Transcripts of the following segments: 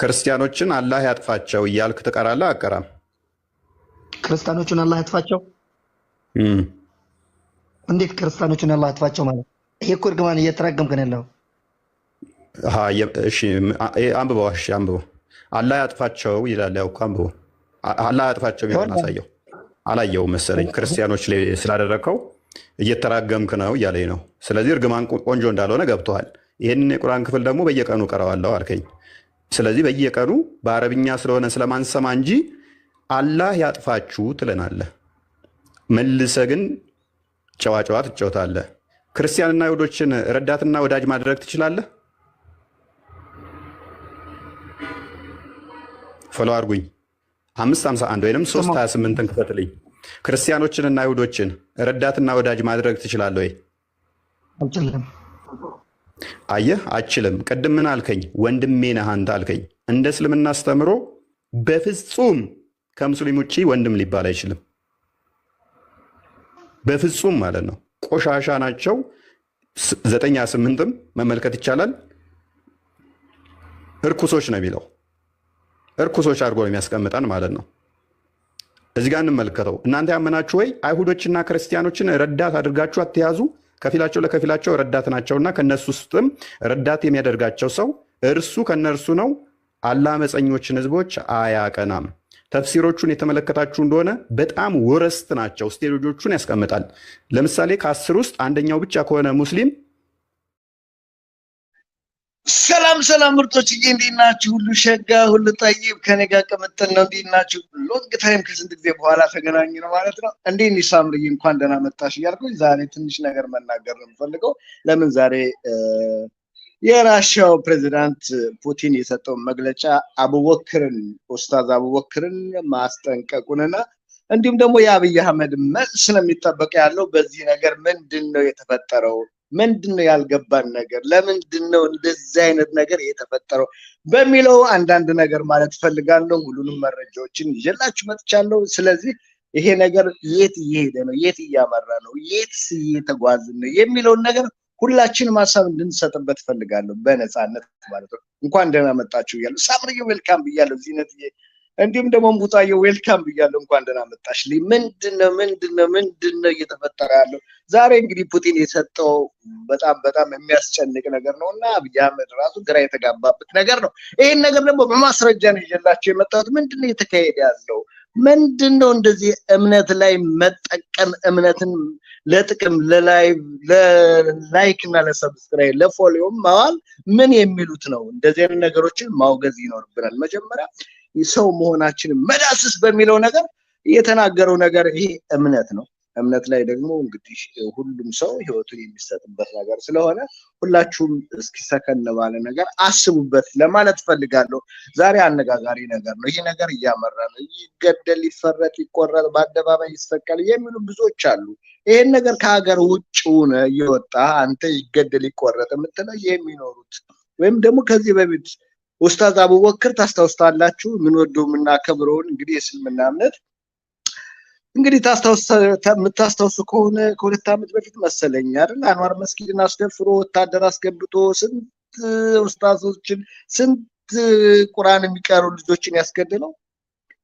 ክርስቲያኖችን አላህ ያጥፋቸው እያልክ ትቀራለህ። አቀራም ክርስቲያኖችን አላህ ያጥፋቸው። እንዴት ክርስቲያኖችን አላህ ያጥፋቸው ማለት ይሄ እኮ እርግማን እየተራገምክ ነው ያለው። አንብበው፣ እሺ አንብበው። አላህ ያጥፋቸው ይላል። ያው እኮ አንብበው። አላህ ያጥፋቸው የሚሆን አሳየው። አላየው መሰለኝ። ክርስቲያኖች ላይ ስላደረግከው እየተራገምክ ነው እያለኝ ነው። ስለዚህ እርግማን ቆንጆ እንዳልሆነ ገብተዋል። ይህንን የቁርአን ክፍል ደግሞ በየቀኑ ቀረዋለሁ አልከኝ። ስለዚህ በየቀኑ በአረብኛ ስለሆነ ስለማንሰማ እንጂ አላህ ያጥፋችሁ ትለናለህ። መልሰ ግን ጨዋጨዋ ትጫወታለህ። ክርስቲያንና ይሁዶችን ረዳትና ወዳጅ ማድረግ ትችላለህ? ፎሎ አድርጉኝ። 551 ወይም 328ን ክፈትልኝ። ክርስቲያኖችንና ይሁዶችን ረዳትና ወዳጅ ማድረግ ትችላለህ ወይ? አየህ አችልም። ቅድም ምን አልከኝ? ወንድሜ ነህ አንተ አልከኝ። እንደ እስልምና አስተምሮ በፍጹም ከሙስሊም ውጭ ወንድም ሊባል አይችልም። በፍጹም ማለት ነው። ቆሻሻ ናቸው። ዘጠኛ ስምንትም መመልከት ይቻላል። እርኩሶች ነው የሚለው እርኩሶች አድርጎ ነው የሚያስቀምጠን ማለት ነው። እዚህ ጋር እንመልከተው። እናንተ ያመናችሁ ወይ አይሁዶችና ክርስቲያኖችን ረዳት አድርጋችሁ አትያዙ። ከፊላቸው ለከፊላቸው ረዳት ናቸውና ከነሱ ውስጥም ረዳት የሚያደርጋቸው ሰው እርሱ ከነርሱ ነው። አላመፀኞችን ህዝቦች አያቀናም። ተፍሲሮቹን የተመለከታችሁ እንደሆነ በጣም ወረስት ናቸው። ስቴጆቹን ያስቀምጣል። ለምሳሌ ከአስር ውስጥ አንደኛው ብቻ ከሆነ ሙስሊም ሰላም ሰላም ምርጦችዬ እንዴት ናችሁ? ሁሉ ሸጋ ሁሉ ጠይብ ከኔ ጋር ቅምጥል ነው። እንዴት ናችሁ? ሎንግ ታይም ከስንት ጊዜ በኋላ ተገናኝ ነው ማለት ነው። እንዴ ነሽ ሳምርዬ? እንኳን ደህና መጣሽ እያልኩኝ ዛሬ ትንሽ ነገር መናገር ነው የምፈልገው። ለምን ዛሬ የራሻው ፕሬዚዳንት ፑቲን የሰጠውን መግለጫ አቡበክርን ኡስታዝ አቡበክርን ማስጠንቀቁንና እንዲሁም ደግሞ የአብይ አህመድ መልስ ነው የሚጠበቅ ያለው በዚህ ነገር ምንድን ነው የተፈጠረው ምንድን ነው ያልገባን ነገር? ለምንድን ነው እንደዚህ አይነት ነገር የተፈጠረው በሚለው አንዳንድ ነገር ማለት እፈልጋለሁ። ሁሉንም መረጃዎችን ይዤላችሁ መጥቻለሁ። ስለዚህ ይሄ ነገር የት እየሄደ ነው? የት እያመራ ነው? የት እየተጓዝን ነው የሚለውን ነገር ሁላችን ሀሳብ እንድንሰጥበት እፈልጋለሁ። በነፃነት ማለት ነው። እንኳን ደህና መጣችሁ እያለሁ ሳምርዬ ዌልካም ብያለሁ። ዚነት እንዲሁም ደግሞ ሙጣዬ ዌልካም ብያለሁ። እንኳን ደህና መጣሽ። ምንድነው ምንድነው ምንድነ እየተፈጠረ ያለው? ዛሬ እንግዲህ ፑቲን የሰጠው በጣም በጣም የሚያስጨንቅ ነገር ነው እና አብይ አህመድ ራሱ ግራ የተጋባበት ነገር ነው። ይህን ነገር ደግሞ በማስረጃ ነው ይዤላቸው የመጣሁት። ምንድነው እየተካሄደ ያለው? ምንድነው እንደዚህ እምነት ላይ መጠቀም እምነትን ለጥቅም ለላይክ እና ለሰብስክራይብ ለፎሊዮም ማዋል ምን የሚሉት ነው? እንደዚህ ነገሮችን ማውገዝ ይኖርብናል መጀመሪያ ሰው መሆናችንን መዳስስ በሚለው ነገር የተናገረው ነገር ይሄ እምነት ነው። እምነት ላይ ደግሞ እንግዲህ ሁሉም ሰው ህይወቱን የሚሰጥበት ነገር ስለሆነ ሁላችሁም እስኪ ሰከን ባለ ነገር አስቡበት ለማለት ፈልጋለሁ። ዛሬ አነጋጋሪ ነገር ነው። ይህ ነገር እያመራ ነው። ይገደል፣ ይፈረጥ፣ ይቆረጥ፣ በአደባባይ ይሰቀል የሚሉ ብዙዎች አሉ። ይህን ነገር ከሀገር ሆነ እየወጣ አንተ ይገደል፣ ይቆረጥ የምትለው የሚኖሩት ወይም ደግሞ ከዚህ በፊት ኡስታዝ አቡበክር ታስታውስታላችሁ። የምንወደው የምናከብረውን እንግዲህ የእስልምና እምነት እንግዲህ የምታስታውሱ ከሆነ ከሁለት ዓመት በፊት መሰለኝ አይደል አንዋር መስጊድን አስደፍሮ ወታደር አስገብቶ ስንት ኡስታዞችን ስንት ቁርአን የሚቀሩ ልጆችን ያስገድለው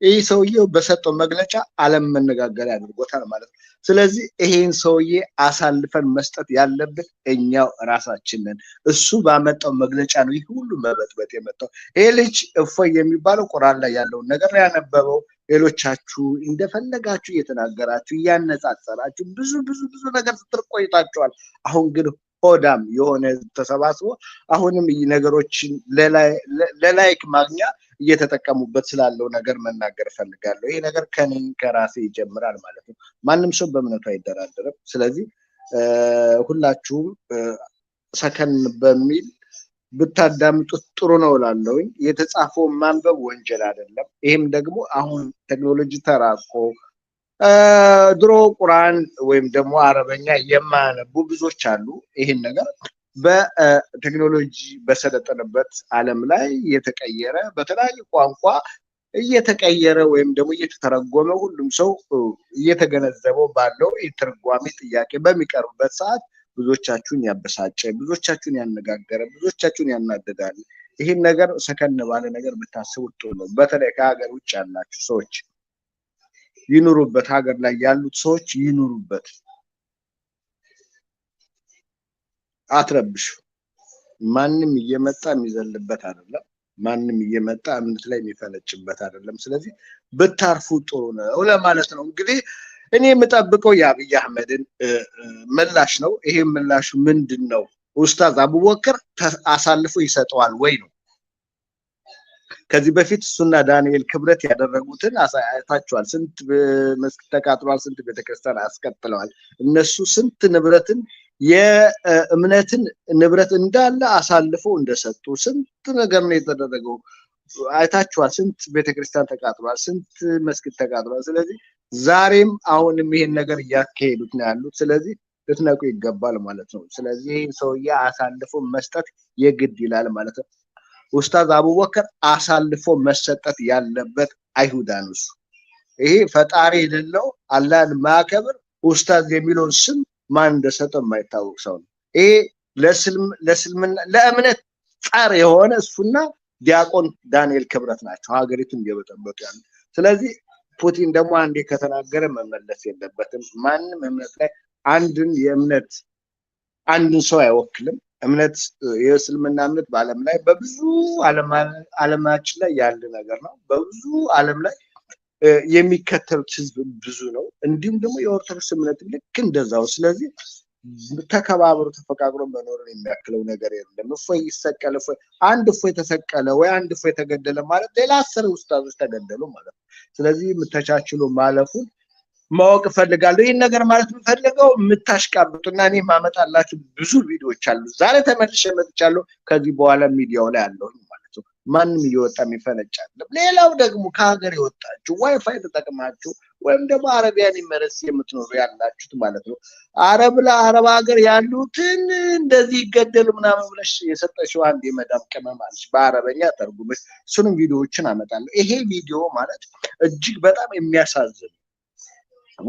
ይህ ሰውዬው በሰጠው መግለጫ ዓለም መነጋገሪያ አድርጎታል ማለት ነው። ስለዚህ ይሄን ሰውዬ አሳልፈን መስጠት ያለብን እኛው ራሳችን ነን። እሱ ባመጣው መግለጫ ነው ይህ ሁሉ መበጥበጥ የመጣው። ይሄ ልጅ እፎይ የሚባለው ቁራን ላይ ያለውን ነገር ያነበበው ሌሎቻችሁ እንደፈለጋችሁ እየተናገራችሁ እያነጻጸራችሁ ብዙ ብዙ ብዙ ነገር ስትር ቆይታችኋል። አሁን ግን ሆዳም የሆነ ተሰባስቦ አሁንም ነገሮችን ለላይክ ማግኛ እየተጠቀሙበት ስላለው ነገር መናገር ፈልጋለሁ። ይሄ ነገር ከኔ ከራሴ ይጀምራል ማለት ነው። ማንም ሰው በእምነቱ አይደራደርም። ስለዚህ ሁላችሁም ሰከን በሚል ብታዳምጡት ጥሩ ነው እላለሁኝ። የተጻፈውን ማንበብ ወንጀል አይደለም። ይህም ደግሞ አሁን ቴክኖሎጂ ተራቆ ድሮ ቁርአን ወይም ደግሞ አረበኛ የማያነቡ ብዙዎች አሉ። ይህን ነገር በቴክኖሎጂ በሰለጠነበት ዓለም ላይ የተቀየረ በተለያዩ ቋንቋ እየተቀየረ ወይም ደግሞ እየተተረጎመ ሁሉም ሰው እየተገነዘበው ባለው የትርጓሜ ጥያቄ በሚቀርብበት ሰዓት ብዙዎቻችሁን ያበሳጨ፣ ብዙዎቻችሁን ያነጋገረ፣ ብዙዎቻችሁን ያናደዳል። ይህን ነገር ሰከን ባለ ነገር ብታስቡት ጥሩ ነው። በተለይ ከሀገር ውጭ ያላችሁ ሰዎች ይኑሩበት። ሀገር ላይ ያሉት ሰዎች ይኑሩበት። አትረብሹ። ማንም እየመጣ የሚዘልበት አይደለም። ማንም እየመጣ እምነት ላይ የሚፈነጭበት አይደለም። ስለዚህ ብታርፉ ጥሩ ነው ለማለት ነው። እንግዲህ እኔ የምጠብቀው የአብይ አህመድን ምላሽ ነው። ይሄ ምላሹ ምንድን ነው? ኡስታዝ አቡበከር አሳልፎ ይሰጠዋል ወይ ነው። ከዚህ በፊት እሱና ዳንኤል ክብረት ያደረጉትን አሳያታቸዋል። ስንት መስጊድ ተቃጥሏል፣ ስንት ቤተክርስቲያን አስቀጥለዋል። እነሱ ስንት ንብረትን የእምነትን ንብረት እንዳለ አሳልፎ እንደሰጡ ስንት ነገር ነው የተደረገው። አይታችኋል። ስንት ቤተክርስቲያን ተቃጥሏል፣ ስንት መስጊድ ተቃጥሏል። ስለዚህ ዛሬም አሁንም ይሄን ነገር እያካሄዱት ነው ያሉት። ስለዚህ ልትነቁ ይገባል ማለት ነው። ስለዚህ ሰውዬ አሳልፎ መስጠት የግድ ይላል ማለት ነው። ኡስታዝ አቡበከር አሳልፎ መሰጠት ያለበት አይሁዳ ነው። እሱ ይሄ ፈጣሪ የሌለው አላህን ማያከብር ኡስታዝ የሚለውን ስም ማን እንደሰጠ የማይታወቅ ሰው ነው። ይሄ ለእስልምና ለእምነት ጸር የሆነ እሱና ዲያቆን ዳንኤል ክብረት ናቸው ሀገሪቱን እየበጠበጡ ያሉ። ስለዚህ ፑቲን ደግሞ አንዴ ከተናገረ መመለስ የለበትም። ማንም እምነት ላይ አንድን የእምነት አንድን ሰው አይወክልም። እምነት የእስልምና እምነት በዓለም ላይ በብዙ ዓለማችን ላይ ያለ ነገር ነው። በብዙ ዓለም ላይ የሚከተሉት ህዝብ ብዙ ነው። እንዲሁም ደግሞ የኦርቶዶክስ እምነት ልክ እንደዛው። ስለዚህ ተከባብሮ ተፈቃቅሮ መኖርን የሚያክለው ነገር የለም። እፎይ ይሰቀል፣ እፎይ አንድ እፎይ ተሰቀለ ወይ አንድ እፎይ ተገደለ ማለት ሌላ አስር ውስታዞች ተገደሉ ማለት ነው። ስለዚህ የምተቻችሉ ማለፉን ማወቅ እፈልጋለሁ። ይህን ነገር ማለት የምፈልገው እና እኔ ማመጣላችሁ ብዙ ቪዲዮዎች አሉ። ዛሬ ተመልሼ መጥቻለሁ። ከዚህ በኋላ ሚዲያው ላይ አለሁኝ። ማንም እየወጣ የሚፈነጫል። ሌላው ደግሞ ከሀገር የወጣችሁ ዋይፋይ ተጠቅማችሁ ወይም ደግሞ አረቢያን ኤሚሬትስ የምትኖሩ ያላችሁት ማለት ነው አረብ ለአረብ ሀገር ያሉትን እንደዚህ ይገደሉ ምናምን ብለሽ የሰጠችው አንድ የመዳም ቅመም አለች በአረበኛ ተርጉመች። እሱንም ቪዲዮዎችን አመጣለሁ። ይሄ ቪዲዮ ማለት እጅግ በጣም የሚያሳዝን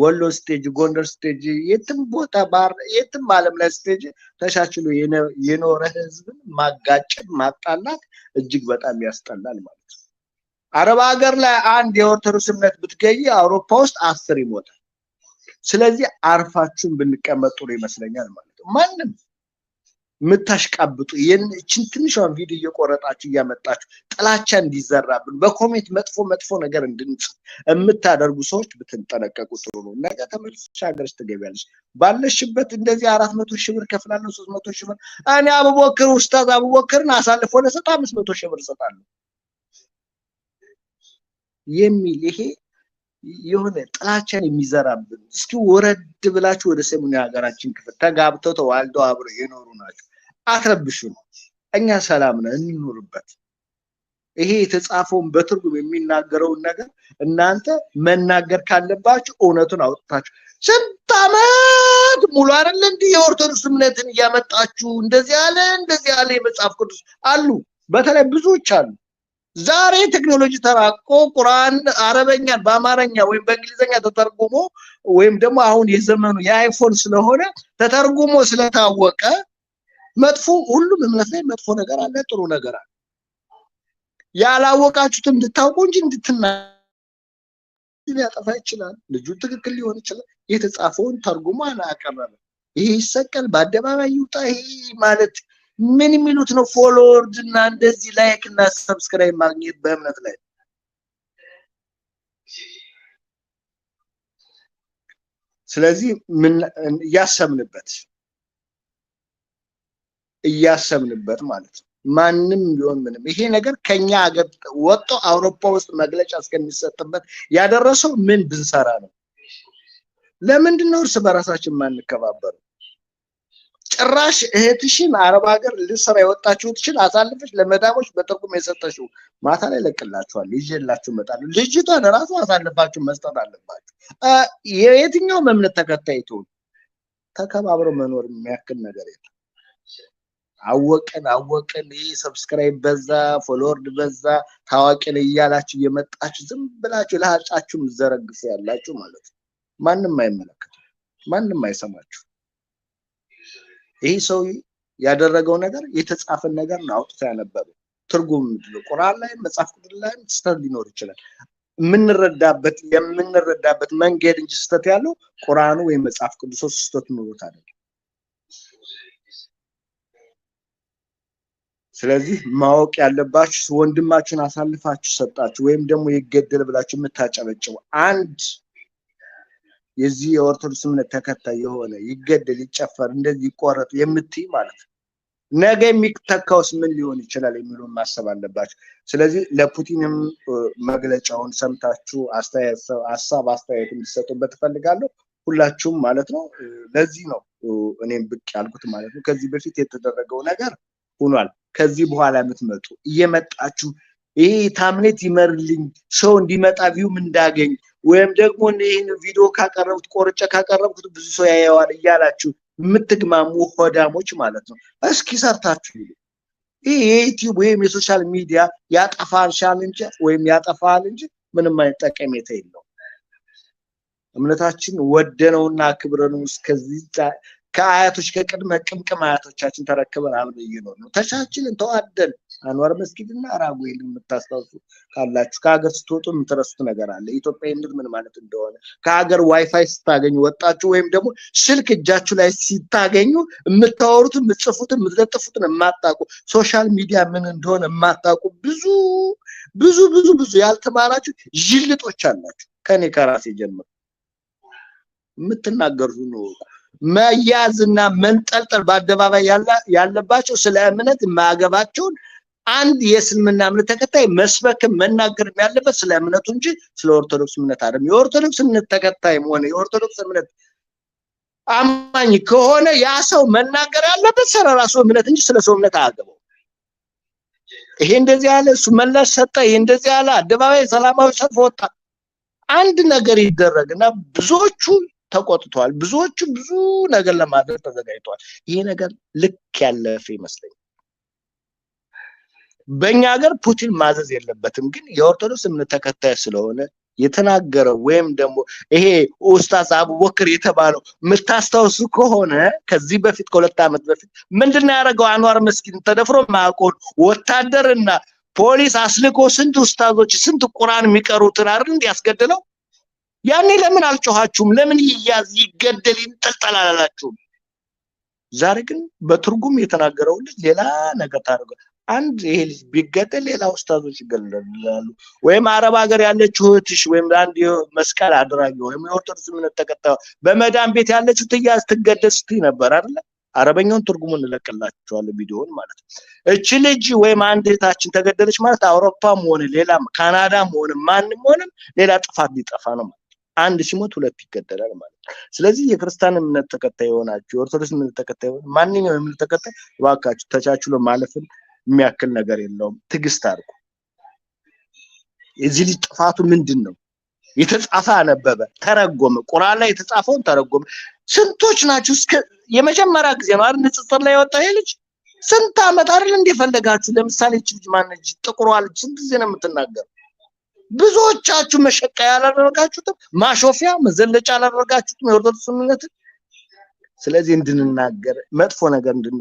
ወሎ ስቴጅ፣ ጎንደር ስቴጅ፣ የትም ቦታ ባር የትም ዓለም ላይ ስቴጅ ተሻችሎ የኖረ ህዝብን ማጋጨት ማጣላት እጅግ በጣም ያስጠላል ማለት ነው። አረብ ሀገር ላይ አንድ የኦርቶዶክስ እምነት ብትገኝ አውሮፓ ውስጥ አስር ይሞታል። ስለዚህ አርፋችሁን ብንቀመጥ ጥሩ ይመስለኛል ማለት ነው። ማንም የምታሽቃብጡ እችን ትንሿን ቪዲዮ እየቆረጣችሁ እያመጣችሁ ጥላቻ እንዲዘራብን በኮሜንት መጥፎ መጥፎ ነገር እንድንጽ የምታደርጉ ሰዎች ብትንጠነቀቁ ጥሩ ነው። ነገ ተመልሰሽ ሀገርሽ ትገቢያለሽ። ባለሽበት እንደዚህ አራት መቶ ሺህ ብር ከፍላለሁ፣ ሶስት መቶ ሺህ ብር እኔ አቡበክር ውስታዝ አቡበክርን አሳልፎ ለሰጥ አምስት መቶ ሺህ ብር እሰጣለሁ የሚል ይሄ የሆነ ጥላቻን የሚዘራብን እስኪ ወረድ ብላችሁ ወደ ሰሙን የሀገራችን ክፍል ተጋብተው ተዋልደው አብረው የኖሩ ናቸው። አትረብሹን፣ እኛ ሰላም ነን እንኑርበት። ይሄ የተጻፈውን በትርጉም የሚናገረውን ነገር እናንተ መናገር ካለባችሁ እውነቱን አውጥታችሁ ስንት አመት ሙሉ አይደለ እንዲህ የኦርቶዶክስ እምነትን እያመጣችሁ እንደዚህ ያለ እንደዚህ ያለ የመጽሐፍ ቅዱስ አሉ፣ በተለይ ብዙዎች አሉ። ዛሬ ቴክኖሎጂ ተራቆ ቁርአን አረበኛን በአማርኛ ወይም በእንግሊዝኛ ተተርጉሞ ወይም ደግሞ አሁን የዘመኑ የአይፎን ስለሆነ ተተርጉሞ ስለታወቀ መጥፎ ሁሉም እምነት ላይ መጥፎ ነገር አለ፣ ጥሩ ነገር አለ። ያላወቃችሁት እንድታውቁ እንጂ እንድትና ሊያጠፋ ይችላል። ልጁ ትክክል ሊሆን ይችላል። የተጻፈውን ተርጉሞ አላቀረበ። ይሄ ይሰቀል፣ በአደባባይ ይውጣ። ይሄ ማለት ምን የሚሉት ነው? ፎሎወርድ እና እንደዚህ ላይክ እና ሰብስክራይብ ማግኘት በእምነት ላይ ስለዚህ ምን እያሰብንበት እያሰብንበት ማለት ነው። ማንም ቢሆን ምንም ይሄ ነገር ከኛ ሀገር ወጥቶ አውሮፓ ውስጥ መግለጫ እስከሚሰጥበት ያደረሰው ምን ብንሰራ ነው? ለምንድን ነው እርስ በራሳችን ማንከባበሩ? ጭራሽ እህትሽን አረብ ሀገር ልስራ ትችል አሳልፈሽ ለመዳሞች በትርጉም የሰጠችው ማታ ላይ ለቅላችኋል፣ ይዤላችሁ እመጣለሁ። ልጅቷን ራሱ አሳልፋችሁ መስጠት አለባችሁ። የየትኛውም እምነት ተከታይ ትሆን ተከባብረው መኖር የሚያክል ነገር የለም። አወቅን አወቅን ይህ ሰብስክራይብ በዛ ፎሎወርድ በዛ ታዋቂን እያላችሁ እየመጣችሁ ዝም ብላችሁ ለሀጫችሁ ምዘረግፉ ያላችሁ ማለት ነው። ማንም አይመለከትም፣ ማንም አይሰማችሁ። ይህ ሰው ያደረገው ነገር የተጻፈን ነገር ነው አውጥቶ ያነበበ ትርጉም ምንድነው? ቁርአን ላይም መጽሐፍ ቅዱስ ላይም ስህተት ሊኖር ይችላል። የምንረዳበት የምንረዳበት መንገድ እንጂ ስህተት ያለው ቁርአኑ ወይም መጽሐፍ ቅዱሶ ስህተት ኑሮት አይደለም። ስለዚህ ማወቅ ያለባችሁ ወንድማችሁን አሳልፋችሁ ሰጣችሁ ወይም ደግሞ ይገደል ብላችሁ የምታጨበጭቡ አንድ የዚህ የኦርቶዶክስ እምነት ተከታይ የሆነ ይገደል፣ ይጨፈር፣ እንደዚህ ይቆረጥ የምትይ ማለት ነው ነገ የሚተካውስ ምን ሊሆን ይችላል የሚሉን ማሰብ አለባችሁ። ስለዚህ ለፑቲንም መግለጫውን ሰምታችሁ ሀሳብ አስተያየት እንዲሰጡበት እፈልጋለሁ። ሁላችሁም ማለት ነው። ለዚህ ነው እኔም ብቅ ያልኩት ማለት ነው። ከዚህ በፊት የተደረገው ነገር ሆኗል። ከዚህ በኋላ የምትመጡ እየመጣችሁ ይሄ ታምሌት ይመርልኝ ሰው እንዲመጣ ቪውም እንዳገኝ ወይም ደግሞ ይህን ቪዲዮ ካቀረብኩት ቆርጬ ካቀረብኩት ብዙ ሰው ያየዋል እያላችሁ የምትግማሙ ሆዳሞች ማለት ነው። እስኪ ሰርታችሁ ይሉ ይህ የዩቲዩብ ወይም የሶሻል ሚዲያ ያጠፋልሻል እንጂ ወይም ያጠፋል እንጂ ምንም አይነት ጠቀሜታ የለው እምነታችን ወደነውና ክብረን እስከዚህ ከአያቶች ከቅድመ ቅምቅም አያቶቻችን ተረክበን አብረን ነው ነው። ተቻችልን ተዋደን አንዋር መስጊድና ራጉኤል የምታስታውሱ ካላችሁ ከሀገር ስትወጡ የምትረሱት ነገር አለ። ኢትዮጵያ ኢትዮጵያዊነት ምን ማለት እንደሆነ ከሀገር ዋይፋይ ስታገኙ ወጣችሁ ወይም ደግሞ ስልክ እጃችሁ ላይ ሲታገኙ የምታወሩት፣ የምትጽፉትን፣ የምትለጥፉትን የማታውቁ ሶሻል ሚዲያ ምን እንደሆነ የማታውቁ ብዙ ብዙ ብዙ ብዙ ያልተማራችሁ ዥልጦች አላችሁ። ከኔ ከራሴ ጀምሮ የምትናገሩት ነው። መያዝና መንጠልጠል በአደባባይ ያለባቸው ስለ እምነት የማያገባቸውን አንድ የእስልምና እምነት ተከታይ መስበክም መናገርም ያለበት ስለ እምነቱ እንጂ ስለ ኦርቶዶክስ እምነት አይደለም። የኦርቶዶክስ እምነት ተከታይም ሆነ የኦርቶዶክስ እምነት አማኝ ከሆነ ያ ሰው መናገር ያለበት ስለ ራሱ እምነት እንጂ ስለ ሰው እምነት አያገባው። ይሄ እንደዚህ ያለ እሱ መላሽ ሰጠ፣ ይሄ እንደዚህ ያለ አደባባይ ሰላማዊ ሰልፍ ወጣ። አንድ ነገር ይደረግና ብዙዎቹ ተቆጥተዋል። ብዙዎቹ ብዙ ነገር ለማድረግ ተዘጋጅተዋል። ይሄ ነገር ልክ ያለፈ ይመስለኛል። በእኛ ሀገር ፑቲን ማዘዝ የለበትም፣ ግን የኦርቶዶክስ እምነት ተከታይ ስለሆነ የተናገረው ወይም ደግሞ ይሄ ኡስታዝ አቡበክር የተባለው የምታስታውሱ ከሆነ ከዚህ በፊት ከሁለት ዓመት በፊት ምንድን ነው ያደረገው? አንዋር መስጊድ ተደፍሮ ማያውቀውን ወታደርና ፖሊስ አስልኮ ስንት ኡስታዞች ስንት ቁርአን የሚቀሩትን አይደል እንዲያስገድለው ያኔ ለምን አልጮኋችሁም? ለምን ይያዝ ይገደል ይንጠልጠል አላላችሁም? ዛሬ ግን በትርጉም የተናገረው ልጅ ሌላ ነገር ታደርገ አንድ ይሄ ልጅ ቢገደል ሌላ ውስታዞች ይገለላሉ። ወይም አረብ ሀገር ያለችው እህትሽ ወይም አንድ መስቀል አድራጊ ወይም የኦርቶዶክስ እምነት ተከታዩ በመዳን ቤት ያለችው ትያዝ ትገደል ስትይ ነበር አይደለ? አረበኛውን ትርጉሙ እንለቅላችኋለን ቪዲዮውን ማለት ነው። እች ልጅ ወይም አንድ እህታችን ተገደለች ማለት አውሮፓም ሆነ ሌላም ካናዳም ሆነ ማንም ሆነም ሌላ ጥፋት ሊጠፋ ነው ማለት አንድ ሲሞት ሁለት ይገደላል ማለት ነው። ስለዚህ የክርስቲያን እምነት ተከታይ የሆናችሁ የኦርቶዶክስ እምነት ተከታይ የሆነ ማንኛውም እምነት ተከታይ እባካችሁ ተቻችሎ ማለፍን የሚያክል ነገር የለውም። ትዕግስት አድርጉ። የዚህ ልጅ ጥፋቱ ምንድን ነው? የተጻፈ አነበበ፣ ተረጎመ። ቁርአን ላይ የተጻፈውን ተረጎመ። ስንቶች ናችሁ? እስከ የመጀመሪያ ጊዜ ነው አይደል ንጽጽር ላይ የወጣ ይሄ ልጅ ስንት አመት አይደል እንደፈለጋችሁ። ለምሳሌ እች ልጅ ማነች? ጥቁሯ ልጅ ስንት ጊዜ ነው የምትናገር? ብዙዎቻችሁ መሸቀያ አላደረጋችሁትም፣ ማሾፊያ መዘለጫ አላደረጋችሁትም የኦርቶዶክስ እምነትን። ስለዚህ እንድንናገር መጥፎ ነገር እንድን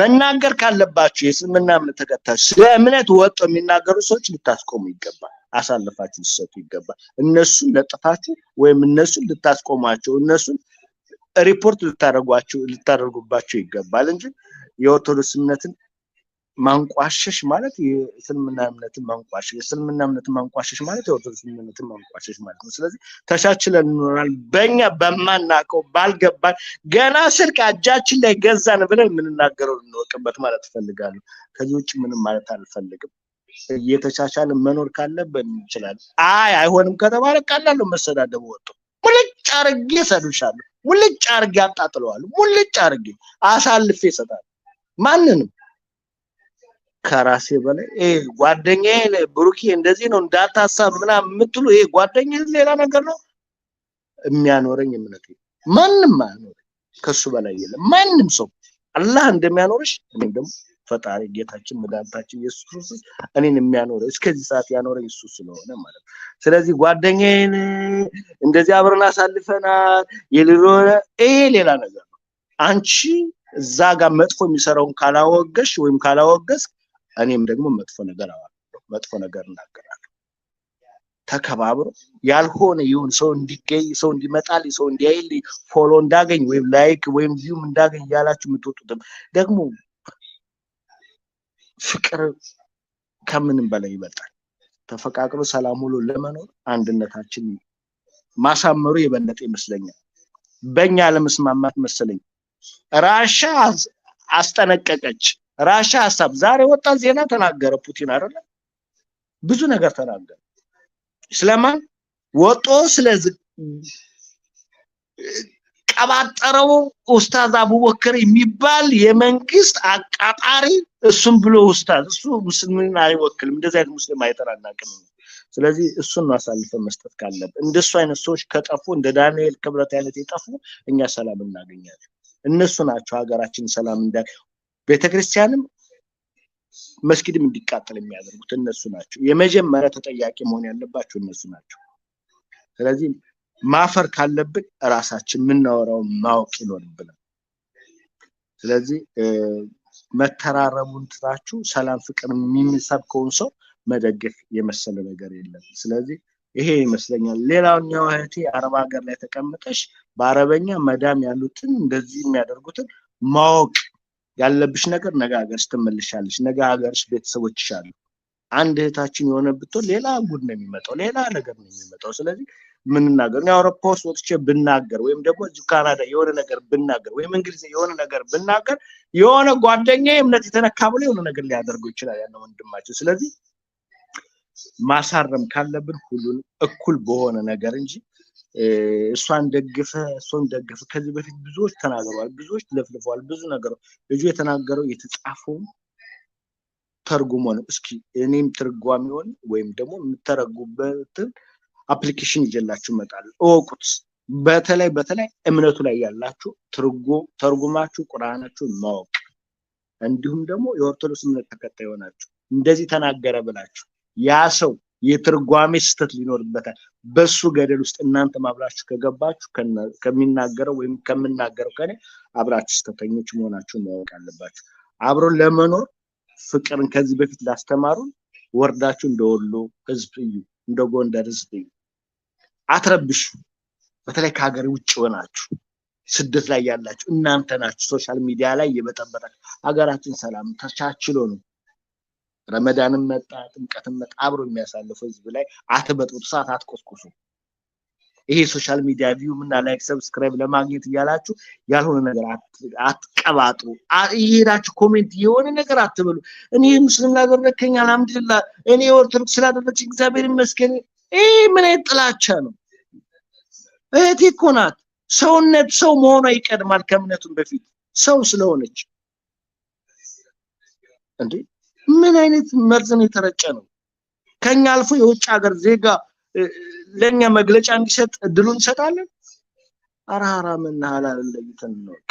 መናገር ካለባችሁ የእስልምና እምነት ተከታዮች ስለ እምነት ወጥ የሚናገሩ ሰዎች ልታስቆሙ ይገባል። አሳልፋችሁ ሊሰጡ ይገባል። እነሱን ለጥፋችሁ ወይም እነሱን ልታስቆሟቸው፣ እነሱን ሪፖርት ልታደርጓቸው ልታደርጉባቸው ይገባል እንጂ የኦርቶዶክስ እምነትን ማንቋሸሽ ማለት የእስልምና እምነትን ማንቋሸሽ የእስልምና እምነትን ማንቋሸሽ ማለት የኦርቶዶክስ እምነትን ማንቋሸሽ ማለት ነው። ስለዚህ ተቻችለን እንኖራል። በእኛ በማናቀው ባልገባን ገና ስልክ እጃችን ላይ ገዛን ብለን የምንናገረው ልንወቅበት ማለት እፈልጋለሁ። ከዚህ ውጭ ምንም ማለት አልፈልግም። እየተቻቻልን መኖር ካለብን እንችላለን። አይ አይሆንም ከተባለ ቀላል ነው። መሰዳደቡ ወጡ ሙልጭ አርጌ ሰዱሻለሁ፣ ሙልጭ አርጌ አጣጥለዋለሁ፣ ሙልጭ አርጌ አሳልፌ ይሰጣል ማንንም ከራሴ በላይ ጓደኛ ብሩኬ እንደዚህ ነው እንዳታሳብ ምናምን የምትሉ ይሄ ጓደኛ ሌላ ነገር ነው። የሚያኖረኝ እምነት ማንም አያኖረኝ ከሱ በላይ የለም። ማንም ሰው አላህ እንደሚያኖርሽ እኔም ደግሞ ፈጣሪ ጌታችን መድኃኒታችን ኢየሱስ ክርስቶስ እኔን የሚያኖረኝ እስከዚህ ሰዓት ያኖረኝ እሱ ስለሆነ ማለት ነው። ስለዚህ ጓደኛዬን እንደዚህ አብረን አሳልፈናል የሌሎነ ይሄ ሌላ ነገር ነው። አንቺ እዛ ጋር መጥፎ የሚሰራውን ካላወገሽ ወይም ካላወገስ እኔም ደግሞ መጥፎ ነገር አዋለሁ፣ መጥፎ ነገር እናገራለሁ። ተከባብሮ ያልሆነ ይሁን ሰው እንዲገኝ ሰው እንዲመጣል ሰው እንዲያይል ፎሎ እንዳገኝ ወይም ላይክ ወይም ቪውም እንዳገኝ እያላችሁ የምትወጡትም ደግሞ ፍቅር ከምንም በላይ ይበልጣል። ተፈቃቅሎ ሰላም ሁሉ ለመኖር አንድነታችን ማሳመሩ የበለጠ ይመስለኛል። በእኛ ለመስማማት መሰለኝ ራሻ አስጠነቀቀች። ራሻ ሀሳብ ዛሬ ወጣ ዜና ተናገረ። ፑቲን አይደለ ብዙ ነገር ተናገረ። ስለማን ወጦ ስለ ቀባጠረው ኡስታዝ አቡበከር የሚባል የመንግስት አቃጣሪ እሱም ብሎ ኡስታዝ እሱ ሙስሊምን አይወክልም። እንደዚህ አይነት ሙስሊም አይተናናቅም። ስለዚህ እሱን ነው መስጠት ካለብን። እንደሱ አይነት ሰዎች ከጠፉ እንደ ዳንኤል ክብረት አይነት የጠፉ እኛ ሰላም እናገኛለን። እነሱ ናቸው ሀገራችን ሰላም እንዳ ቤተክርስቲያንም መስጊድም እንዲቃጠል የሚያደርጉት እነሱ ናቸው። የመጀመሪያ ተጠያቂ መሆን ያለባቸው እነሱ ናቸው። ስለዚህ ማፈር ካለብን እራሳችን የምናወራውን ማወቅ ይኖርብናል። ስለዚህ መተራረቡን ትታችሁ ሰላም ፍቅር የሚሰብከውን ሰው መደገፍ የመሰለ ነገር የለም። ስለዚህ ይሄ ይመስለኛል። ሌላኛው እህቴ አረብ ሀገር ላይ ተቀምጠሽ በአረበኛ መዳም ያሉትን እንደዚህ የሚያደርጉትን ማወቅ ያለብሽ ነገር ነገ ሀገርሽ ትመልሻለሽ። ነገ ሀገርሽ ቤተሰቦች ይሻሉ። አንድ እህታችን የሆነ ብትሆን ሌላ ጉድ ነው የሚመጣው፣ ሌላ ነገር ነው የሚመጣው። ስለዚህ ምንናገር አውሮፓ ውስጥ ወጥቼ ብናገር ወይም ደግሞ እዚሁ ካናዳ የሆነ ነገር ብናገር ወይም እንግሊዝ የሆነ ነገር ብናገር የሆነ ጓደኛ እምነት የተነካ ብሎ የሆነ ነገር ሊያደርገው ይችላል ያለ ወንድማቸው። ስለዚህ ማሳረም ካለብን ሁሉን እኩል በሆነ ነገር እንጂ እሷን ደግፈ እሷን ደግፈ ከዚህ በፊት ብዙዎች ተናግረዋል፣ ብዙዎች ለፍልፈዋል። ብዙ ነገር ልጁ የተናገረው የተጻፈው ተርጉሞ ነው። እስኪ እኔም ሆን ወይም ደግሞ የምተረጉበትን አፕሊኬሽን ይዤላችሁ እመጣለሁ። እወቁት። በተለይ በተለይ እምነቱ ላይ ያላችሁ ተርጉማችሁ ቁርአናችሁ ማወቅ እንዲሁም ደግሞ የኦርቶዶክስ እምነት ተከታይ ሆናችሁ እንደዚህ ተናገረ ብላችሁ ያ ሰው የትርጓሜ ስህተት ሊኖርበታል። በሱ ገደል ውስጥ እናንተ አብራችሁ ከገባችሁ ከሚናገረው ወይም ከምናገረው ከኔ አብራችሁ ስህተተኞች መሆናችሁ ማወቅ አለባችሁ። አብሮ ለመኖር ፍቅርን ከዚህ በፊት ላስተማሩን ወርዳችሁ እንደ ወሎ ህዝብ እዩ፣ እንደ ጎንደር ህዝብ እዩ። አትረብሹ። በተለይ ከሀገር ውጭ ሆናችሁ ስደት ላይ ያላችሁ እናንተ ናችሁ ሶሻል ሚዲያ ላይ የበጠበጣችሁ ሀገራችን ሰላም ተቻችሎ ነው ረመዳንም መጣ፣ ጥምቀትም መጣ፣ አብሮ የሚያሳልፉ ህዝብ ላይ አትበጥብጡ፣ ሰዓት አትቆስቁሱ። ይሄ ሶሻል ሚዲያ ቪው እና ላይክ ሰብስክራይብ ለማግኘት እያላችሁ ያልሆነ ነገር አትቀባጥሩ። እየሄዳችሁ ኮሜንት የሆነ ነገር አትበሉ። እኔ ሙስሊም ላደረግከኝ አልሐምዱሊላ፣ እኔ ኦርቶዶክስ ስላደረች እግዚአብሔር ይመስገን። ይህ ምን አይነት ጥላቻ ነው? እህቴ እኮ ናት። ሰውነት ሰው መሆኗ ይቀድማል ከእምነቱን በፊት ሰው ስለሆነች እንዴ ምን አይነት መርዝን የተረጨ ነው? ከኛ አልፎ የውጭ ሀገር ዜጋ ለኛ መግለጫ እንዲሰጥ እድሉን እንሰጣለን። ኧረ ሐራምና ሐላልን ለይተን እናወቅ፣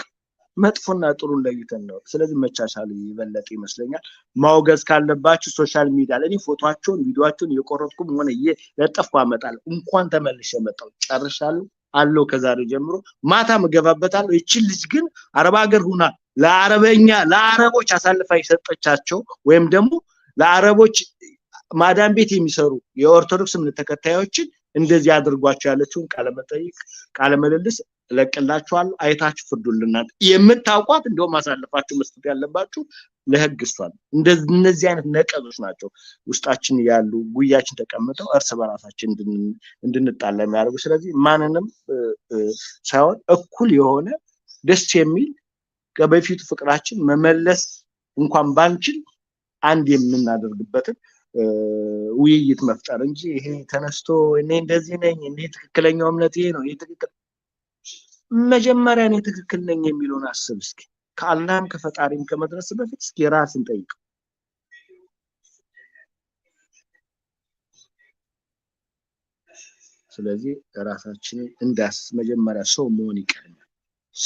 መጥፎና ጥሩን ለይተን እናወቅ። ስለዚህ መቻቻል ይበለጥ ይመስለኛል። ማውገዝ ካለባችሁ ሶሻል ሚዲያ ላይ ፎቶቸውን ቪዲዮቸውን እየቆረጥኩም ሆነ እየለጠፍኩ አመጣለሁ። እንኳን ተመልሼ መጣሁ ጨርሻለሁ አለው ከዛሬ ጀምሮ ማታ እገባበታለሁ። ይቺ ልጅ ግን አረብ ሀገር ሁና ለአረበኛ ለአረቦች አሳልፋ የሰጠቻቸው ወይም ደግሞ ለአረቦች ማዳን ቤት የሚሰሩ የኦርቶዶክስ እምነት ተከታዮችን እንደዚህ አድርጓቸው ያለችውን ቃለመጠይቅ ቃለመልልስ እለቅላችኋለሁ። አይታችሁ ፍርዱልናት። የምታውቋት እንደውም አሳልፋችሁ መስጠት ያለባችሁ ለህግ እሷን። እነዚህ አይነት ነቀዞች ናቸው ውስጣችን ያሉ ጉያችን ተቀምጠው እርስ በራሳችን እንድንጣላ የሚያደርጉ። ስለዚህ ማንንም ሳይሆን እኩል የሆነ ደስ የሚል ከበፊቱ ፍቅራችን መመለስ እንኳን ባንችል አንድ የምናደርግበትን ውይይት መፍጠር እንጂ ይሄ ተነስቶ እኔ እንደዚህ ነኝ፣ እኔ ትክክለኛው እምነት ይሄ ነው፣ ይሄ ትክክል መጀመሪያ እኔ ትክክል ነኝ የሚለውን አስብ እስኪ። ከአላህም ከፈጣሪም ከመድረስ በፊት እስኪ ራስን ጠይቅ። ስለዚህ ራሳችንን እንዳስ መጀመሪያ ሰው መሆን ይቀርናል።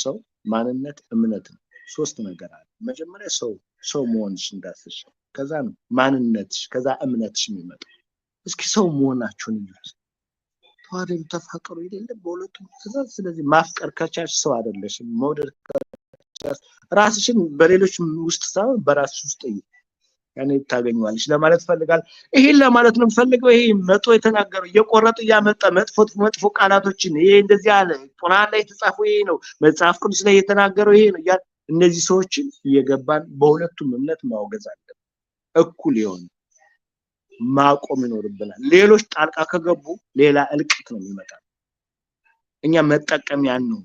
ሰው ማንነት፣ እምነት ነው። ሶስት ነገር አለ። መጀመሪያ ሰው ሰው መሆንሽ እንዳስሽ፣ ከዛ ነው ማንነትሽ፣ ከዛ እምነትሽ የሚመጣ እስኪ ሰው መሆናችሁን እዩት። ተዋደዱ፣ ተፋቀሩ ይደለ በሁለቱ ትእዛዝ። ስለዚህ ማፍቀር ከቻች ሰው አይደለሽም። መውደድ ከቻልሽ ራስሽን በሌሎች ውስጥ ሳይሆን በራስሽ ውስጥ እዩ። ከኔ ታገኘዋለች ለማለት ፈልጋል። ይሄን ለማለት ነው የምፈልገው። ይሄ መጦ የተናገረው እየቆረጠ እያመጣ መጥፎ መጥፎ ቃላቶችን ይሄ እንደዚህ አለ፣ ቁርአን ላይ የተጻፈው ይሄ ነው፣ መጽሐፍ ቅዱስ ላይ የተናገረው ይሄ ነው እያል እነዚህ ሰዎችን እየገባን በሁለቱም እምነት ማውገዝ አለን። እኩል የሆነ ማቆም ይኖርብናል። ሌሎች ጣልቃ ከገቡ ሌላ እልቅት ነው የሚመጣ። እኛ መጠቀሚያ ነው።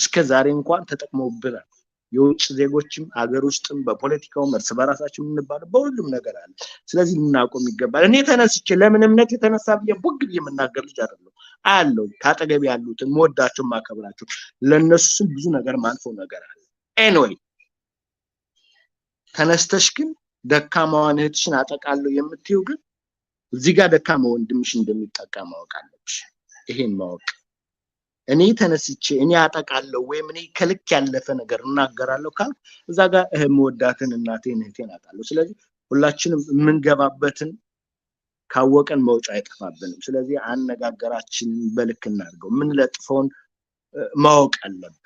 እስከ ዛሬ እንኳን ተጠቅመውብናል። የውጭ ዜጎችም አገር ውስጥም በፖለቲካውም እርስ በራሳችን የምንባለው በሁሉም ነገር አለ። ስለዚህ ልናቆም ይገባል። እኔ ተነስቼ ለምን እምነት የተነሳ ብዬ ቦግ ብዬ የምናገር ልጅ አይደለሁም። አለው ካጠገብ ያሉትን መወዳቸው፣ ማከብራቸው ለእነሱ ስም ብዙ ነገር ማልፎ ነገር አለ። ኤንወይ ተነስተሽ ግን ደካማዋን እህትሽን አጠቃለሁ የምትይው ግን እዚህ ጋር ደካማ ወንድምሽ እንደሚጠቃ ማወቅ አለብሽ። ይሄን ማወቅ እኔ ተነስቼ እኔ አጠቃለሁ ወይም እኔ ከልክ ያለፈ ነገር እናገራለሁ ካል እዛ ጋር እህ መወዳትን እናቴን እህቴን አጣለሁ። ስለዚህ ሁላችንም የምንገባበትን ካወቀን መውጫ አይጠፋብንም። ስለዚህ አነጋገራችንን በልክ እናድርገው። የምንለጥፈውን ማወቅ አለብን።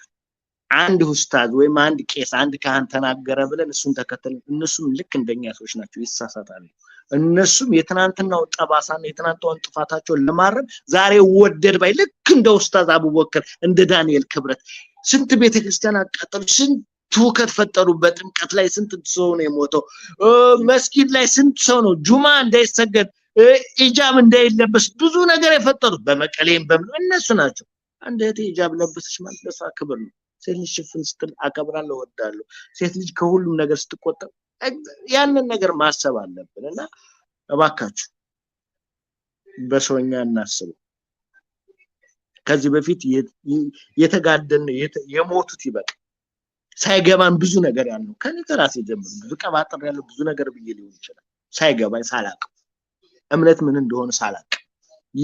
አንድ ውስታዝ ወይም አንድ ቄስ አንድ ካህን ተናገረ ብለን እሱን ተከተል እነሱም ልክ እንደኛ ሰዎች ናቸው፣ ይሳሳታሉ። እነሱም የትናንትናው ጠባሳና የትናንትናውን ጥፋታቸውን ለማረም ዛሬ ወደድ ባይ ልክ እንደ ኡስታዝ አቡበከር እንደ ዳንኤል ክብረት ስንት ቤተክርስቲያን አቃጠሉ፣ ስንት ውከት ፈጠሩ። በጥምቀት ላይ ስንት ሰው ነው የሞተው? መስጊድ ላይ ስንት ሰው ነው? ጁማ እንዳይሰገድ ኢጃብ እንዳይለበስ ብዙ ነገር የፈጠሩ በመቀሌም በምን እነሱ ናቸው። አንድ እህቴ ኢጃብ ለበሰች ማለት ለሷ ክብር ነው። ሴት ልጅ ሽፍን ስትል አከብራለሁ፣ እወዳለሁ። ሴት ልጅ ከሁሉም ነገር ስትቆጠብ ያንን ነገር ማሰብ አለብን እና እባካችሁ በሰውኛ እናስበው። ከዚህ በፊት የተጋደን የሞቱት ይበቅ ሳይገባን ብዙ ነገር ያለው ከኔ ከራሴ ጀምሮ ብዙ ቀባጥር ያለው ብዙ ነገር ብዬ ሊሆን ይችላል ሳይገባኝ ሳላቅ እምነት ምን እንደሆነ ሳላቅ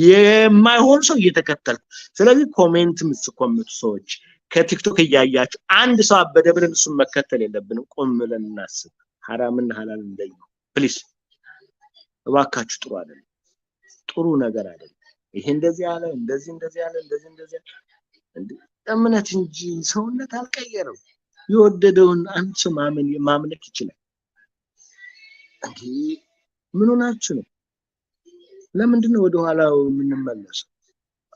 የማይሆን ሰው እየተከተልኩ ስለዚህ ኮሜንት የምትኮምቱ ሰዎች ከቲክቶክ እያያችሁ አንድ ሰው አበደ ብለን እሱን መከተል የለብንም። ቆም ብለን እናስብ። ሐራምና ሐላል እንደዩ ፕሊስ እባካችሁ ጥሩ አይደለም፣ ጥሩ ነገር አይደለም። ይሄ እንደዚህ ያለ እንደዚህ እንደዚህ ያለ እንደዚህ እንደዚህ እምነት እንጂ ሰውነት አልቀየረው። የወደደውን አንድ ሰው ማምለክ ይችላል። እንዴ ምን ሆናችሁ ነው? ለምንድን ነው ወደኋላው የምንመለሰው?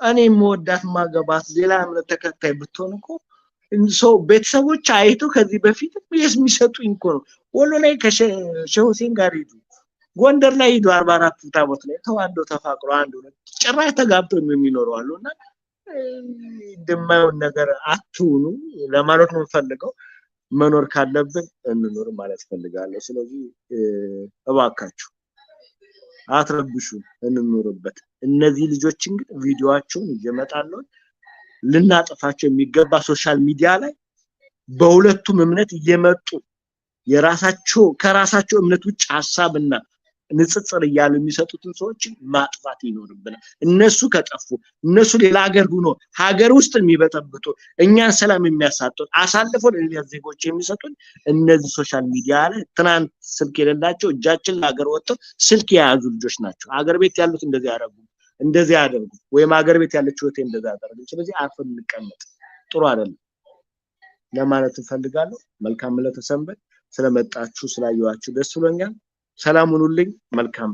እኔ የምወዳት ማገባት ሌላ እምነት ተከታይ ብትሆን እኮ ሰው ቤተሰቦች አይተው ከዚህ በፊት የሚሰጡኝ እኮ ነው ወሎ ላይ ከሼህ ሁሴን ጋር ሂዱ፣ ጎንደር ላይ ሂዱ፣ አርባ አራቱ ታቦት ላይ ተዋዶ ተፋቅሮ አንዱ ጭራሽ ተጋብቶ የሚኖሩ አሉ እና እንደማየውን ነገር አትሁኑ ለማለት ነው የምፈልገው። መኖር ካለብን እንኖር ማለት ፈልጋለሁ። ስለዚህ እባካችሁ አትረብሹን፣ እንኖርበት። እነዚህ ልጆች እንግዲህ ቪዲዮዋቸውን እየመጣለሁ ልናጥፋቸው የሚገባ ሶሻል ሚዲያ ላይ በሁለቱም እምነት እየመጡ የራሳቸው ከራሳቸው እምነት ውጭ ሀሳብና ንጽጽር እያሉ የሚሰጡትን ሰዎች ማጥፋት ይኖርብናል። እነሱ ከጠፉ እነሱ ሌላ ሀገር ሆኖ ሀገር ውስጥ የሚበጠብጡ እኛን ሰላም የሚያሳጡን አሳልፎ ለሌላ ዜጎች የሚሰጡን እነዚህ ሶሻል ሚዲያ ላይ ትናንት ስልክ የሌላቸው እጃችን ለሀገር ወጥተው ስልክ የያዙ ልጆች ናቸው። ሀገር ቤት ያሉት እንደዚህ ያደረጉ እንደዚህ ያደርጉ ወይም ሀገር ቤት ያለች ህይወቴ እንደዚህ ያደርጉ። ስለዚህ አርፈን እንቀመጥ፣ ጥሩ አይደለም ለማለት እፈልጋለሁ። መልካም ዕለተ ሰንበት። ስለመጣችሁ ስላየዋችሁ ደስ ብሎኛል። ሰላም ሁኑልኝ። መልካም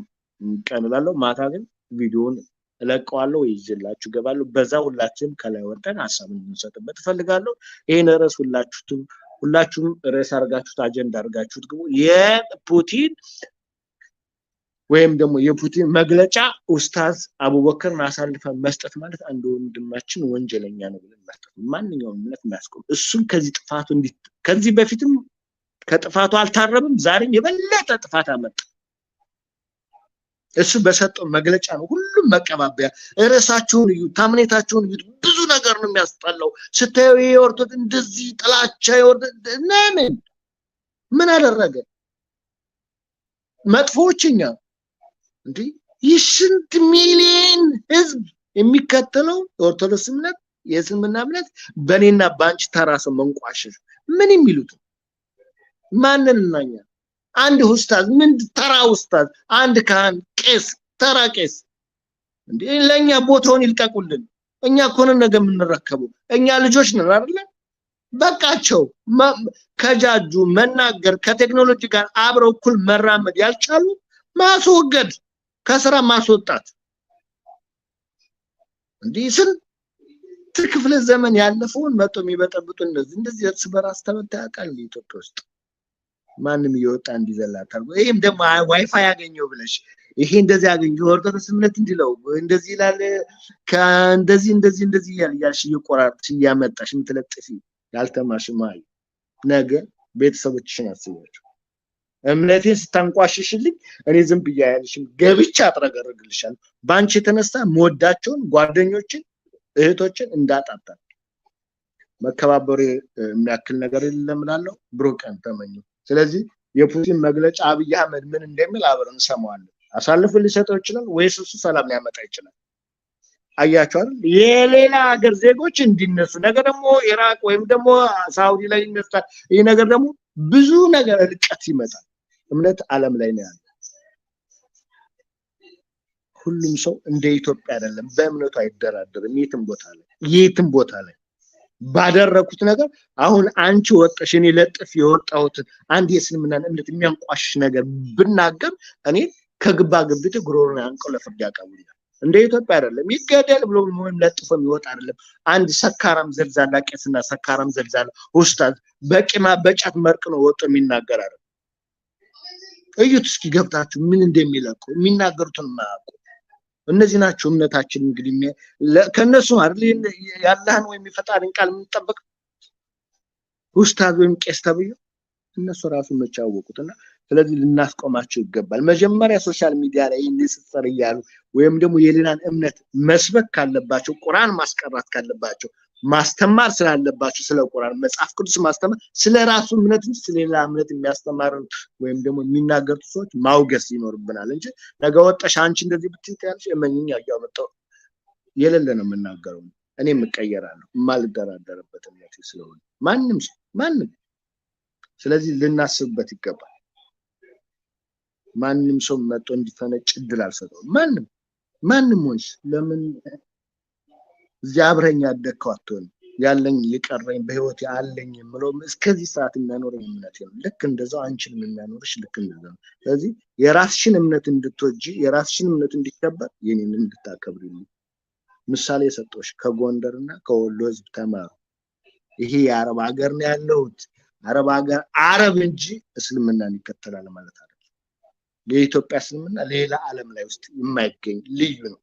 ቀን እላለሁ። ማታ ግን ቪዲዮውን እለቀዋለሁ ወይ ይዤላችሁ እገባለሁ። በዛ ሁላችንም ከላይ ወጠን ሀሳብ እንሰጥበት እፈልጋለሁ። ይህን ርዕስ ሁላችሁትም ሁላችሁም ርዕስ አድርጋችሁት አጀንዳ አድርጋችሁት ግቡ። የፑቲን ወይም ደግሞ የፑቲን መግለጫ ኡስታዝ አቡበከርን አሳልፈን መስጠት ማለት አንድ ወንድማችን ወንጀለኛ ነው ብለን መስጠት ማንኛውም እምነት የሚያስቆም እሱም ከዚህ ጥፋቱ ከዚህ በፊትም ከጥፋቱ አልታረምም። ዛሬም የበለጠ ጥፋት አመጣ። እሱ በሰጠው መግለጫ ነው ሁሉም መቀባበያ። ርዕሳችሁን እዩ፣ ታምኔታችሁን እዩ። ብዙ ነገር ነው የሚያስጠላው ስታዩ። የኦርቶዶክስ እንደዚህ ጥላቻ የወርደ ምን ምን አደረገ? መጥፎዎችኛ እኛ እንዲህ ይህ ስንት ሚሊዮን ህዝብ የሚከተለው የኦርቶዶክስ እምነት የእስልምና እምነት በእኔና በአንቺ ተራ ሰው መንቋሸሽ ምን የሚሉት ማንን እናኛ? አንድ ኡስታዝ ምን ተራ ኡስታዝ፣ አንድ ካህን፣ ቄስ፣ ተራ ቄስ እንዴ ለኛ ቦታውን ይልቀቁልን። እኛ እኮ ነን ነገ የምንረከበው። እኛ ልጆች ነን አይደለ? በቃቸው። ከጃጁ መናገር፣ ከቴክኖሎጂ ጋር አብረው እኩል መራመድ ያልቻሉ ማስወገድ፣ ከስራ ማስወጣት። እንዲህ ስንት ክፍለ ዘመን ያለፈውን መጥቶ የሚበጠብጡ እንደዚህ እንደዚህ እርስ በራስ ተመታ ያውቃል ኢትዮጵያ ውስጥ ማንም እየወጣ እንዲዘላ ታርጎ ይህም ደግሞ ዋይፋይ ያገኘው ብለሽ ይሄ እንደዚህ ያገኘ ወርቀተ ስምነት እንዲለው እንደዚህ ይላል እንደዚህ እንደዚህ እንደዚህ እያል እያልሽ እየቆራርጥሽ እያመጣሽ የምትለጥፊ ያልተማሽ ማል ነገ ቤተሰቦችሽን አስቢያቸው። እምነቴን ስታንቋሽሽልኝ እኔ ዝም ብያ ያልሽም ገብቼ አጥረገርግልሻል። በአንቺ የተነሳ መወዳቸውን ጓደኞችን እህቶችን እንዳጣጣል መከባበሩ የሚያክል ነገር የለም እላለሁ። ብሩህ ቀን ተመኘው። ስለዚህ የፑቲን መግለጫ አብይ አህመድ ምን እንደሚል አብረን እንሰማዋለን። አሳልፎ ሊሰጠው ይችላል ወይስ እሱ ሰላም ሊያመጣ ይችላል? አያቸዋል። የሌላ ሀገር ዜጎች እንዲነሱ ነገ ደግሞ ኢራቅ ወይም ደግሞ ሳውዲ ላይ ይነሳል። ይህ ነገር ደግሞ ብዙ ነገር እልቀት ይመጣል። እምነት ዓለም ላይ ነው ያለ። ሁሉም ሰው እንደ ኢትዮጵያ አይደለም። በእምነቱ አይደራደርም። የትም ቦታ ላይ የትም ቦታ ላይ ባደረኩት ነገር አሁን አንቺ ወጥሽ እኔ ለጥፍ የወጣሁትን አንድ የእስልምናን እምነት የሚያንቋሽ ነገር ብናገር እኔ ከግባ ግብት ጉሮሮን አንቀው ለፍርድ ያቀርቡኛል። እንደ ኢትዮጵያ አይደለም፣ ይገደል ብሎ ወይም ለጥፎ የሚወጣ አይደለም። አንድ ሰካራም ዘልዛላ ቄስና ሰካራም ዘልዛላ ኡስታዝ በቂማ በጫት መርቅ ነው ወጡ የሚናገር አይደለም። እዩት እስኪ ገብታችሁ ምን እንደሚለቁ የሚናገሩትን ማያውቁ እነዚህ ናቸው እምነታችን። እንግዲህ ከእነሱ አይደል ያለህን ወይም የፈጣሪን ቃል የምንጠበቅ ውስታዝ ወይም ቄስ ተብዩ እነሱ ራሱ መቼ ያወቁት እና ስለዚህ ልናስቆማቸው ይገባል። መጀመሪያ ሶሻል ሚዲያ ላይ ንጽጽር እያሉ ወይም ደግሞ የሌላን እምነት መስበክ ካለባቸው ቁርአን ማስቀራት ካለባቸው ማስተማር ስላለባቸው ስለ ቁርአን መጽሐፍ ቅዱስ ማስተማር ስለ ራሱ እምነት እንጂ ስለሌላ እምነት የሚያስተማርን ወይም ደግሞ የሚናገሩት ሰዎች ማውገስ ይኖርብናል እንጂ ነገ ወጠሽ አንቺ እንደዚህ ብትይ ትያለሽ። እመኝኝ የሌለ ነው የምናገረው። እኔ የምቀየራለሁ የማልደራደርበት እምነት ስለሆነ ማንም ሰው ማንም። ስለዚህ ልናስብበት ይገባል። ማንም ሰው መጥቶ እንዲፈነጭ እድል አልሰጠው ማንም ማንም ወንስ ለምን እዚያ አብረኝ ያደግከው ያለኝ የቀረኝ በህይወት አለኝ የምለው እስከዚህ ሰዓት የሚያኖረኝ እምነት ነው። ልክ እንደዛው አንችን የሚያኖርሽ ልክ እንደዛ ነው። ስለዚህ የራስሽን እምነት እንድትወጂ የራስሽን እምነት እንዲከበር የኔን እንድታከብር ምሳሌ የሰጠሁሽ ከጎንደር እና ከወሎ ህዝብ ተማሩ። ይሄ የአረብ ሀገር ነው ያለሁት። አረብ ሀገር አረብ እንጂ እስልምናን ይከተላል ማለት አለ። የኢትዮጵያ እስልምና ሌላ ዓለም ላይ ውስጥ የማይገኝ ልዩ ነው።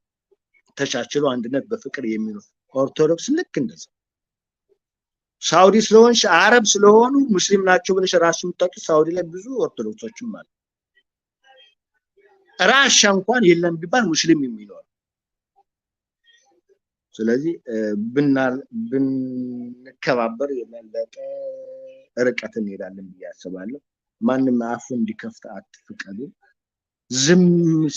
ተቻችሎ አንድነት በፍቅር የሚኖር ኦርቶዶክስ ልክ እንደዛ ሳውዲ ስለሆንሽ አረብ ስለሆኑ ሙስሊም ናቸው ብለሽ ራሱ የምታውቂ ሳውዲ ላይ ብዙ ኦርቶዶክሶችም አሉ። ራሻ እንኳን የለም ቢባል ሙስሊም የሚኖር ስለዚህ ብንከባበር የመለጠ ርቀት እንሄዳለን ብዬ አስባለሁ። ማንም አፉ እንዲከፍት አትፍቀዱ። ዝም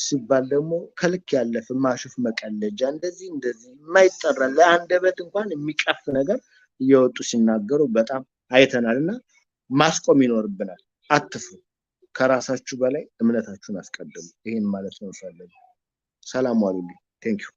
ሲባል ደግሞ ከልክ ያለፍ ማሹፍ መቀለጃ እንደዚህ እንደዚህ የማይጠራ ለአንደበት እንኳን የሚቀፍ ነገር እየወጡ ሲናገሩ በጣም አይተናል እና ማስቆም ይኖርብናል። አትፍሩ። ከራሳችሁ በላይ እምነታችሁን አስቀድሙ። ይህን ማለት ነው ፈለጉ። ሰላም ዋሉልኝ። ቴንኪዩ